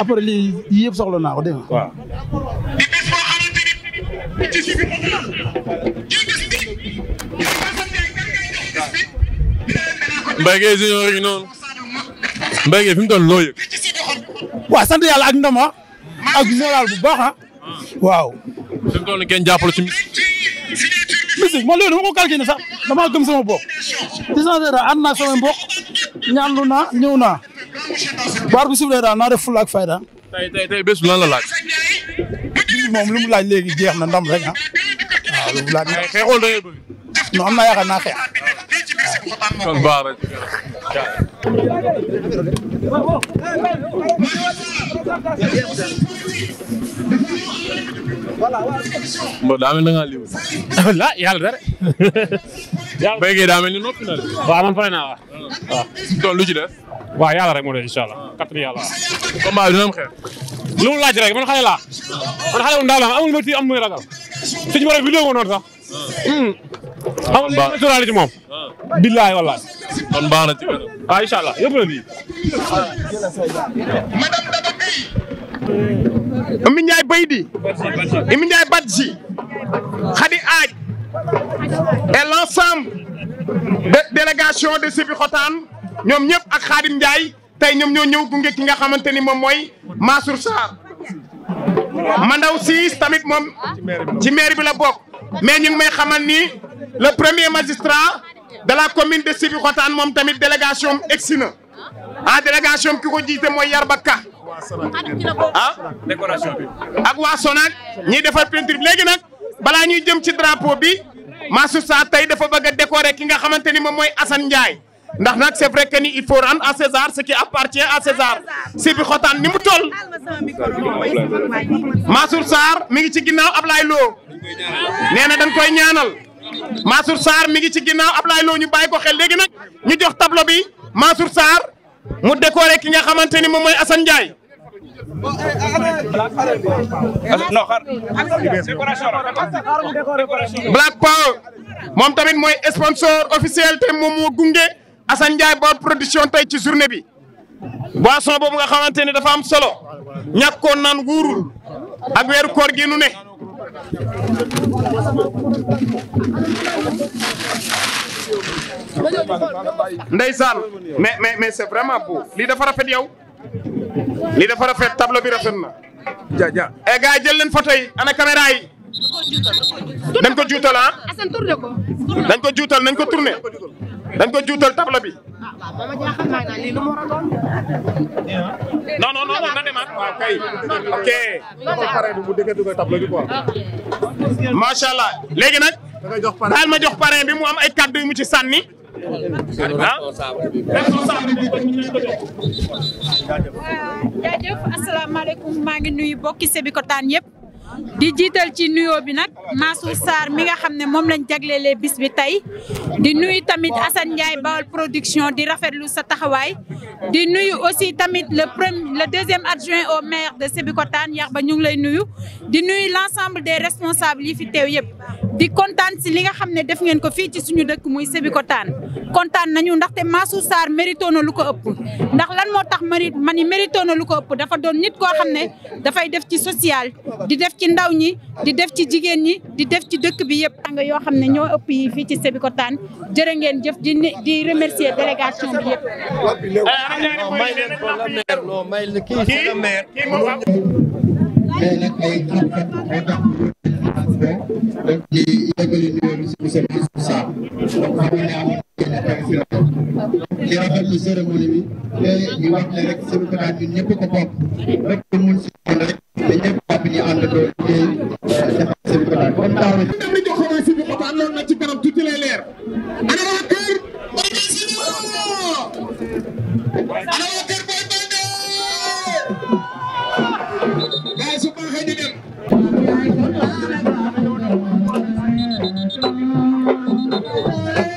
après lii yëpp soxla naa ko dégg nga. waaw. bi moom Mbaye junior yi noonu Mbaye Gueye fi mu toll loo yëg. waaw sant yàlla ak ndama ah. ak moral bu baax ah. waaw. fi mu toll kenn jàppale ci musique man loolu ko calculé sax damaa gëm sama bopp. di sant yàlla ànd naa sama ñaanlu naa ñëw naa. baar bu siflee daal naa def fulla ak fayda. tey tey tey bés bu lan la laaj. moom lu mu laaj léegi jeex na ndam rek ah. waaw lu mu laaj nag xeexoon da ngay bëgg. non am naa yaakaar naa xeex. kon baax na. Mbodj daa mel ni da ngaa liw. ah yàlla dara. yàlla béykat yi daa mel ni noppi na de. waaw man pare naa waaw. waaw ah, lu ci def. waaw yàlla rek moo doon incha allah kàttan yàlla waaw. combat bi dina am xeex. lu mu laaj rek man xale laa man xale bu ndaw laa amul métti am muy ragal suñu borom bi déggoo noonu sax. xam nga li naturel ci moom. billaay wallaay. kon baax na ci kanam. waaw ah, incha allah yëpp la nii. Amy Ndiaye Baydi. Amy Ndiaye Badji. Khady Aaj. et l' ensemble de délégation de Sébikotane. ñoom ñëpp ak Xaadim Ndiaye tey ñoom ñoo ñëw gunge ki nga xamante ni moom mooy Mansour Sarr Mandaw Ciss tamit moom ci maire bi la bokk mais ñu ngi may xamal ni le premier magistrat de la commune de Sébikotane moom tamit délégation egsi na ah délégation ki ko jiite mooy Yarba Ka ah ak waa Sonac ñiy defar peinture léegi nag balaa ñuy jëm ci drapeau bi Mansour Sarr tey dafa bëgg a décorer ki nga xamante ni moom mooy Assane Ndiaye ndax nag c'est vrai que ni il faut rendre à César ce qui appartient à César si bi xotaan ni mu toll. Mansour Sarr mi ngi ci ginnaaw Ablaye Lo nee na dañ koy ñaanal Mansour Sarr mi ngi ci ginnaaw ablaay Lo ñu bàyyi ko xel léegi nag ñu jox tableau bi Mansour Sarr mu décorer ki nga xamante ni moom mooy Assane Ndiaye. Black Power moom tamit mooy sponsor officiel te moom moo gunge. Assane Ndiaye boor production tey ci journée bi boisson boobu nga xamante ni dafa am solo ñàkkoon naan wuurul ak weeru koor gi nu ne. ndeysaan mais mais mais c'est vraiment beau lii dafa rafet yow lii dafa rafet tablo bi rafet na. jaajaa eh gars yi jël leen photo yi ana caméra yi. dañ ko juutal ah. ko juutal nañ ko tourné. dañ ko juutal tabla bi. non non non na demaat ah, waaw kay. ok. macha allah léegi nag. daal ma jox parrain bi mu am ay kàddu yu mu ci sànni. ah. Euh, jaajëf asalaamaaleykum maa ngi nuyu bokki Sébikotane yëpp. di jiital ci nuyoo bi nag Mansour Sarr mi nga xam ne moom lañ jaglelee bis bi tey di nuyu tamit Assane Ndiaye production di rafetlu sa taxawaay di nuyu aussi tamit le premier le deuxième adjoint au maire de Sébikotane ba ñu ngi lay nuyu di nuyu l'ensemble des responsables yi fi teew yëpp di kontaan si li nga xam ne def ngeen ko fii ci suñu dëkk muy Sébikotane kontaan nañu ndaxte Mansour saar merito na lu ko ëpp ndax lan moo tax mari ma ni mérito na lu ko ëpp dafa doon nit koo xam ne dafay def ci social di def ci ndaw ñi di def ci jigéen ñi di def ci dëkk bi yëpp nga yoo xam ne ñoo ëpp yi fii ci Sébikotane jërë ngeen jëf di di remercier délégation bi yëpp may respect rek di yëgali nuyoo bi suñu service social donc xam nga ne amoon nañu président di rafetlu cérémonie bi te di wax ne rek suñu kalaat ñun ko bokk rek mun si Thank you.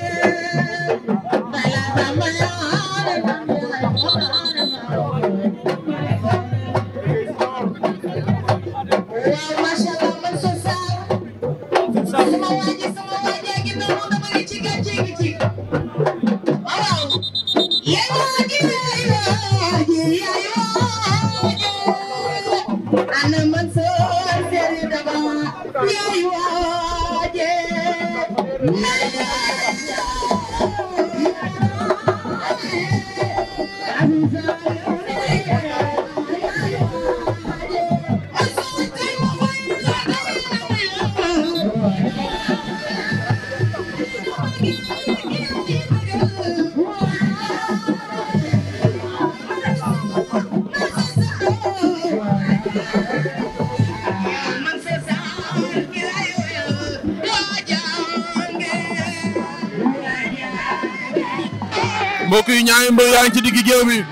mbokk yi ñaari mbër yaa ngi ci digg géew bi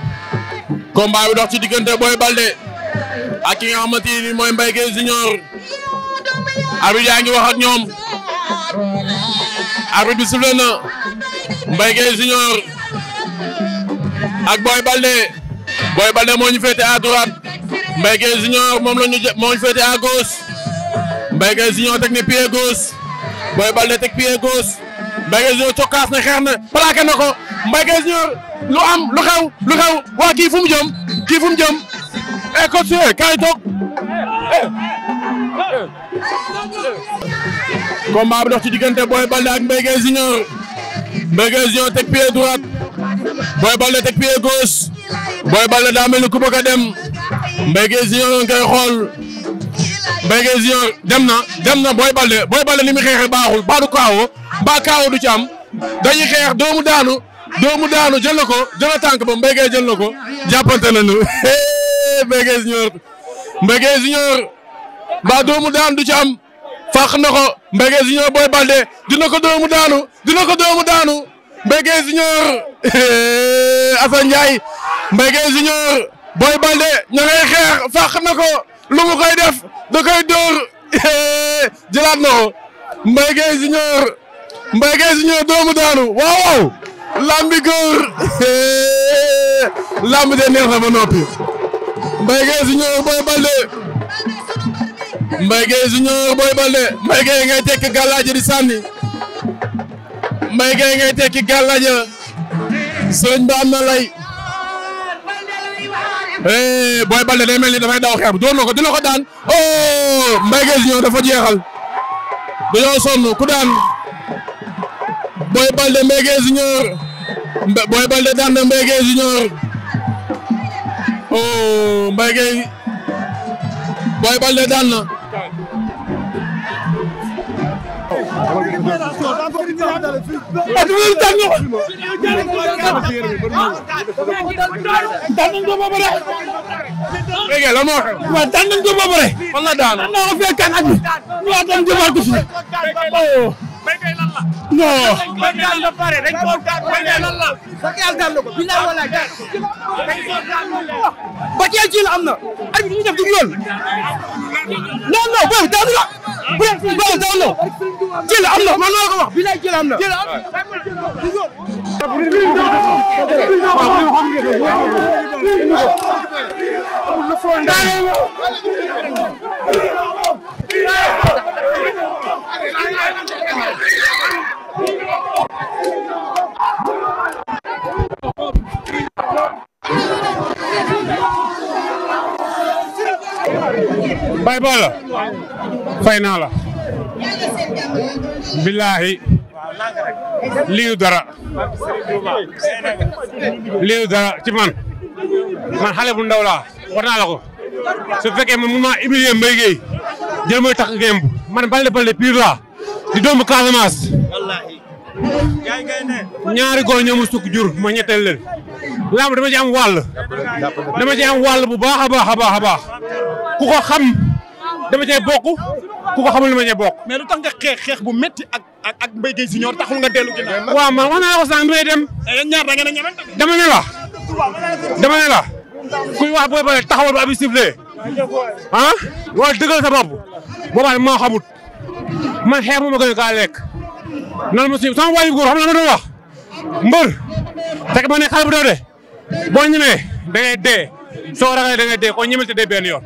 combat bi dox ci diggante Boy Baldé ak ki nga xamante ni mooy Mbaye Guèye Junior arbitre yaa ngi wax ak ñoom arbitre bi sifflé na Mbaye Gueye ak Boy Balde Boy Balde moo ñu féete à droite Mbaye Gueye Junior moom la ñu moo ñu féete à gauche Mbaye Gueye Junior teg na pied gauche Boy Balde teg pied gauche Mbaye Gueye Junior cokkaas na xeex na plaqué na ko Mbaye Gueye Junior lu am lu xew lu xew waa kii mu jëm kii mu jëm eh coach eh, kaay combat bi dox ci diggante booy Baldé ak Mbaye Guèye Junior Mbaye Guèye Junior teg pied droite Boy Baldé teg pied gauche Boy Baldé daa mel ni ku bëgg a dem Mbaye Guèye Junior nga koy xool Mbaye Junior dem na dem na Boy Baldé Boy Baldé ni mu xeexee baaxul baa du kaawoo baa kaawoo du ci am dañuy xeex doomu daanu doomu daanu jël na ko jël tànk ba Mbaye ko jàppante nañu Junior baa doomu daanu du ci fàq na ko Mbengue Junior Boy Balde dina ko doomu daanu dina ko doomu daanu Mbengue Junior Assane Ndiaye Mbengue Junior Boy Balde ña xeex fàq na ko lu mu koy def da koy dóor jëlaat na ko Mbengue Junior Mbengue Junior doomu daanu waaw waaw lambi góor lamb de neex na ba noppi Boy Balde Mbaye Gueye Junior Boy Baldé Mbaye Gueye ngay tekk gàllaaj di sànni Mbaye Gueye ngay tekki gàllaaj sëñ ba na lay eh Boy Baldé day mel ni dafay daw xeex doon na ko dina ko daan oh Mbaye Gueye Junior dafa jeexal dañoo sonn ku daan Boy Baldé Mbaye Gueye Junior Boy Baldé daan na la moo xew. waaw daan nañ ko ba pare. fan la daanoo daan naa ko fekkaan ak ñu waa tam jëmaat ko fi. béykat lan la. non. béykat la pare dañ ko béykat lan la. Bakel am na. arbitre bi ñu def du yoon. non non booy daanu bu dee suñu baax daw na jël am na man maa ko wax bi lay jël am na jël am na bay bala fay naa la. billaahi liyu dara liyu dara ci man man xale bu ndaw laa wax la ko su fekkee man mun maa humilier Mbaye Gueye jël mooy tax ngemb man Baldé Baldé pire laa di doomu Casamance ñaari góor mu sukk jur ma ñetteel leen lamb dama ci am wàll dama ci am wàll bu baax a baax a baax ku ko xam dama cee ku ko xamul ma cee bokk. mais lu bu métti ak ak ak Mbaye Gueye Junior taxul nga dellu ginnaaw. waaw man eh, da ngeen a ñemante. dama ne la dama ne la kuy wax booy pare taxawal bu abi sifflé ah wala dëggal sa bopp boobaa maa xamut man xeex mu ma gën a kaa lekk nan ma si sama waay yu xam nga ma wax mbër fekk ma ne xale bu daw de boo ñemee da ngay dee. soo a da ngay dee koo ñemal te dee benn yoon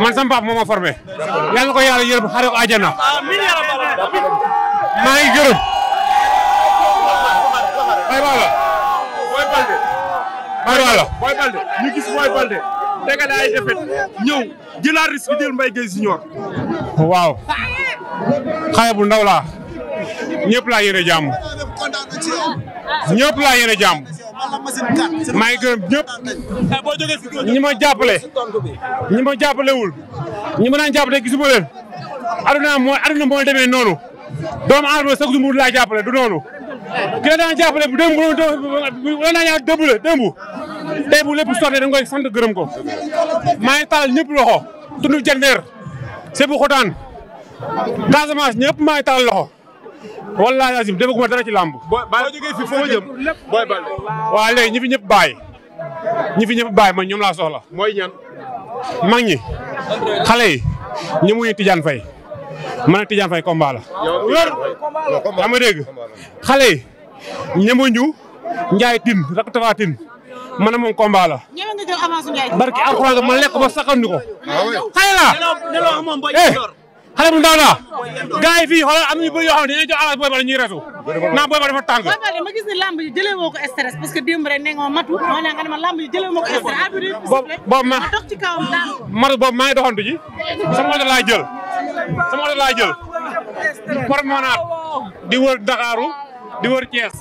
man sama papa moo ma formé yàlla na ko yàlla yërëm xare ko àjjana maa ngi bay bala bay bala boy balde ñu gis boy balde waaw xale bu ndaw laa ñëpp laa yéene jàmm ñëpp laa yéene jàmm maa ngi gërëm ñëpp ñi ma jàppale ñi ma jàppalewul ñi ma daan jàppale gisuma leen aduna mooy demee noonu doomu aadama sax du laa jàppale du noonu ki la daan jàppale bu démb bu la daan yaa démb la démb tey bu lépp sottee da nga gërëm ko maa ngi taal ñëpp loxo tundu jandeer Sébikotane Casamance ñëpp maa taal loxo wallaahi azim defaguma dara ci làmb. boo boo jógee fii foo jëm booy ñëpp bàyyi ñi fi ñëpp bàyyi man ñoom laa soxla. mooy ñan. mag ñi xale yi ñi muy Tidiane Faye man ak Tidiane Faye combat la. wér xam yi ñemuñu Ndiaye Tine rakk Tapha Tine man moom combat la. ñeme nga ma lekk ba saxandi ko. Ah xale xale bu ndaw laa gars yi fii xoolal am nañu bëri yoo xam ne dañuy jox avance booy bal ñuy retu naa booy ma gis ne lamb ji jëlee woo ko stress parce que rek ne ma matu moo ne nga ne ma lamb ji jëlee ko stress boobu ma matu boobu maa ngi doxantu ji sama oto laa jël sama oto laa jël promenade di wër Dakaaru di wër Thiès